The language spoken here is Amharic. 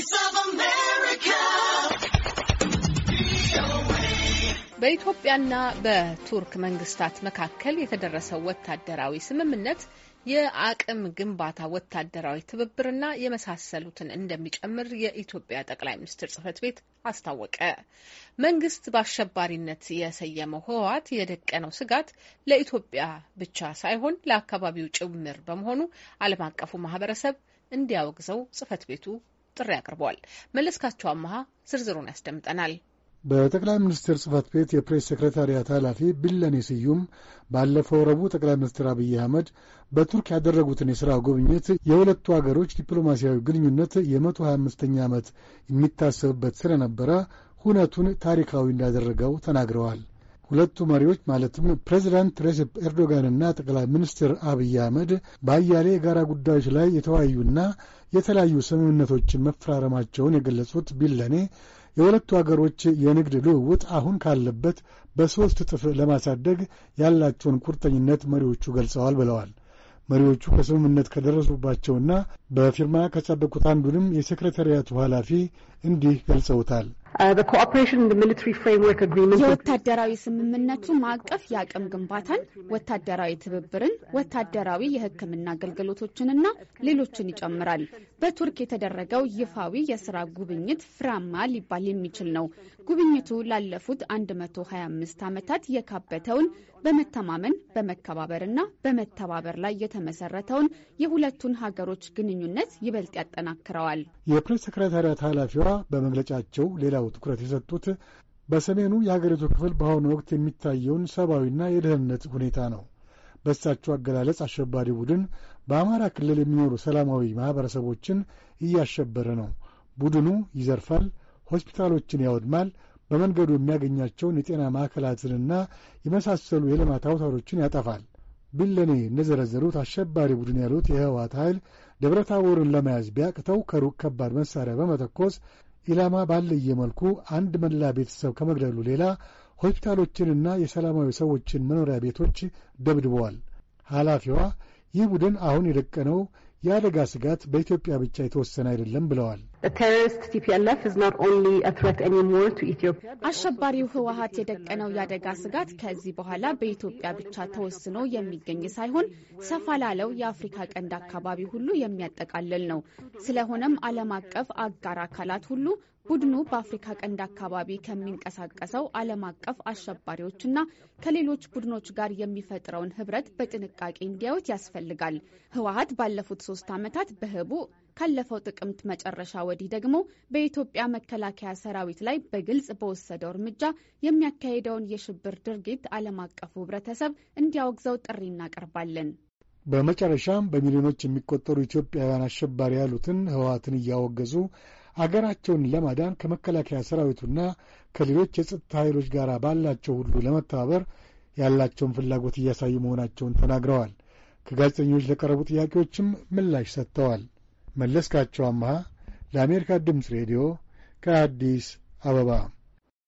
Voice of America. በኢትዮጵያና በቱርክ መንግስታት መካከል የተደረሰው ወታደራዊ ስምምነት የአቅም ግንባታ፣ ወታደራዊ ትብብርና የመሳሰሉትን እንደሚጨምር የኢትዮጵያ ጠቅላይ ሚኒስትር ጽህፈት ቤት አስታወቀ። መንግስት በአሸባሪነት የሰየመው ህወሓት የደቀነው ስጋት ለኢትዮጵያ ብቻ ሳይሆን ለአካባቢው ጭምር በመሆኑ ዓለም አቀፉ ማህበረሰብ እንዲያወግዘው ጽህፈት ቤቱ ጥሪ አቅርበዋል። መለስካቸው አመሃ ዝርዝሩን ያስደምጠናል። በጠቅላይ ሚኒስትር ጽህፈት ቤት የፕሬስ ሴክሬታሪያት ኃላፊ ቢለኔ ስዩም ባለፈው ረቡዕ ጠቅላይ ሚኒስትር አብይ አህመድ በቱርክ ያደረጉትን የሥራ ጉብኝት የሁለቱ አገሮች ዲፕሎማሲያዊ ግንኙነት የመቶ 25 አምስተኛ ዓመት የሚታሰብበት ስለነበረ ሁነቱን ታሪካዊ እንዳደረገው ተናግረዋል። ሁለቱ መሪዎች ማለትም ፕሬዚዳንት ሬሴፕ ኤርዶጋንና ጠቅላይ ሚኒስትር አብይ አህመድ በአያሌ የጋራ ጉዳዮች ላይ የተወያዩና የተለያዩ ስምምነቶችን መፈራረማቸውን የገለጹት ቢለኔ የሁለቱ አገሮች የንግድ ልውውጥ አሁን ካለበት በሦስት እጥፍ ለማሳደግ ያላቸውን ቁርጠኝነት መሪዎቹ ገልጸዋል ብለዋል። መሪዎቹ ከስምምነት ከደረሱባቸውና በፊርማ ከጸደቁት አንዱንም የሴክሬታሪያቱ ኃላፊ እንዲህ ገልጸውታል። Uh, የወታደራዊ ስምምነቱ ማዕቀፍ የአቅም ግንባታን፣ ወታደራዊ ትብብርን፣ ወታደራዊ የሕክምና አገልግሎቶችንና ሌሎችን ይጨምራል። በቱርክ የተደረገው ይፋዊ የስራ ጉብኝት ፍራማ ሊባል የሚችል ነው። ጉብኝቱ ላለፉት 125 ዓመታት የካበተውን በመተማመን በመከባበርና በመተባበር ላይ የተመሰረተውን የሁለቱን ሀገሮች ግንኙነት ይበልጥ ያጠናክረዋል። የፕሬስ ሰክሬታሪያት ኃላፊዋ በመግለጫቸው ሌላው ትኩረት የሰጡት በሰሜኑ የሀገሪቱ ክፍል በአሁኑ ወቅት የሚታየውን ሰብአዊና የደህንነት ሁኔታ ነው። በእሳቸው አገላለጽ አሸባሪ ቡድን በአማራ ክልል የሚኖሩ ሰላማዊ ማኅበረሰቦችን እያሸበረ ነው። ቡድኑ ይዘርፋል፣ ሆስፒታሎችን ያወድማል፣ በመንገዱ የሚያገኛቸውን የጤና ማዕከላትንና የመሳሰሉ የልማት አውታሮችን ያጠፋል። ቢለኔ እንደዘረዘሩት አሸባሪ ቡድን ያሉት የህወሓት ኃይል ደብረ ታቦርን ለመያዝ ቢያቅተው ከሩቅ ከባድ መሣሪያ በመተኮስ ኢላማ ባለየ መልኩ አንድ መላ ቤተሰብ ከመግደሉ ሌላ ሆስፒታሎችንና የሰላማዊ ሰዎችን መኖሪያ ቤቶች ደብድበዋል። ኃላፊዋ ይህ ቡድን አሁን የደቀነው የአደጋ ስጋት በኢትዮጵያ ብቻ የተወሰነ አይደለም ብለዋል። አሸባሪው ህወሀት የደቀነው የአደጋ ስጋት ከዚህ በኋላ በኢትዮጵያ ብቻ ተወስኖ የሚገኝ ሳይሆን ሰፋ ላለው የአፍሪካ ቀንድ አካባቢ ሁሉ የሚያጠቃልል ነው። ስለሆነም ዓለም አቀፍ አጋር አካላት ሁሉ ቡድኑ በአፍሪካ ቀንድ አካባቢ ከሚንቀሳቀሰው ዓለም አቀፍ አሸባሪዎችና ከሌሎች ቡድኖች ጋር የሚፈጥረውን ህብረት በጥንቃቄ እንዲያዩት ያስፈልጋል። ህወሀት ባለፉት ሶስት ዓመታት በህቡ ካለፈው ጥቅምት መጨረሻ ወዲህ ደግሞ በኢትዮጵያ መከላከያ ሰራዊት ላይ በግልጽ በወሰደው እርምጃ የሚያካሄደውን የሽብር ድርጊት ዓለም አቀፉ ህብረተሰብ እንዲያወግዘው ጥሪ እናቀርባለን። በመጨረሻም በሚሊዮኖች የሚቆጠሩ ኢትዮጵያውያን አሸባሪ ያሉትን ህወሀትን እያወገዙ አገራቸውን ለማዳን ከመከላከያ ሰራዊቱና ከሌሎች የጸጥታ ኃይሎች ጋር ባላቸው ሁሉ ለመተባበር ያላቸውን ፍላጎት እያሳዩ መሆናቸውን ተናግረዋል። ከጋዜጠኞች ለቀረቡ ጥያቄዎችም ምላሽ ሰጥተዋል። መለስካቸው አምሃ ለአሜሪካ ድምፅ ሬዲዮ ከአዲስ አበባ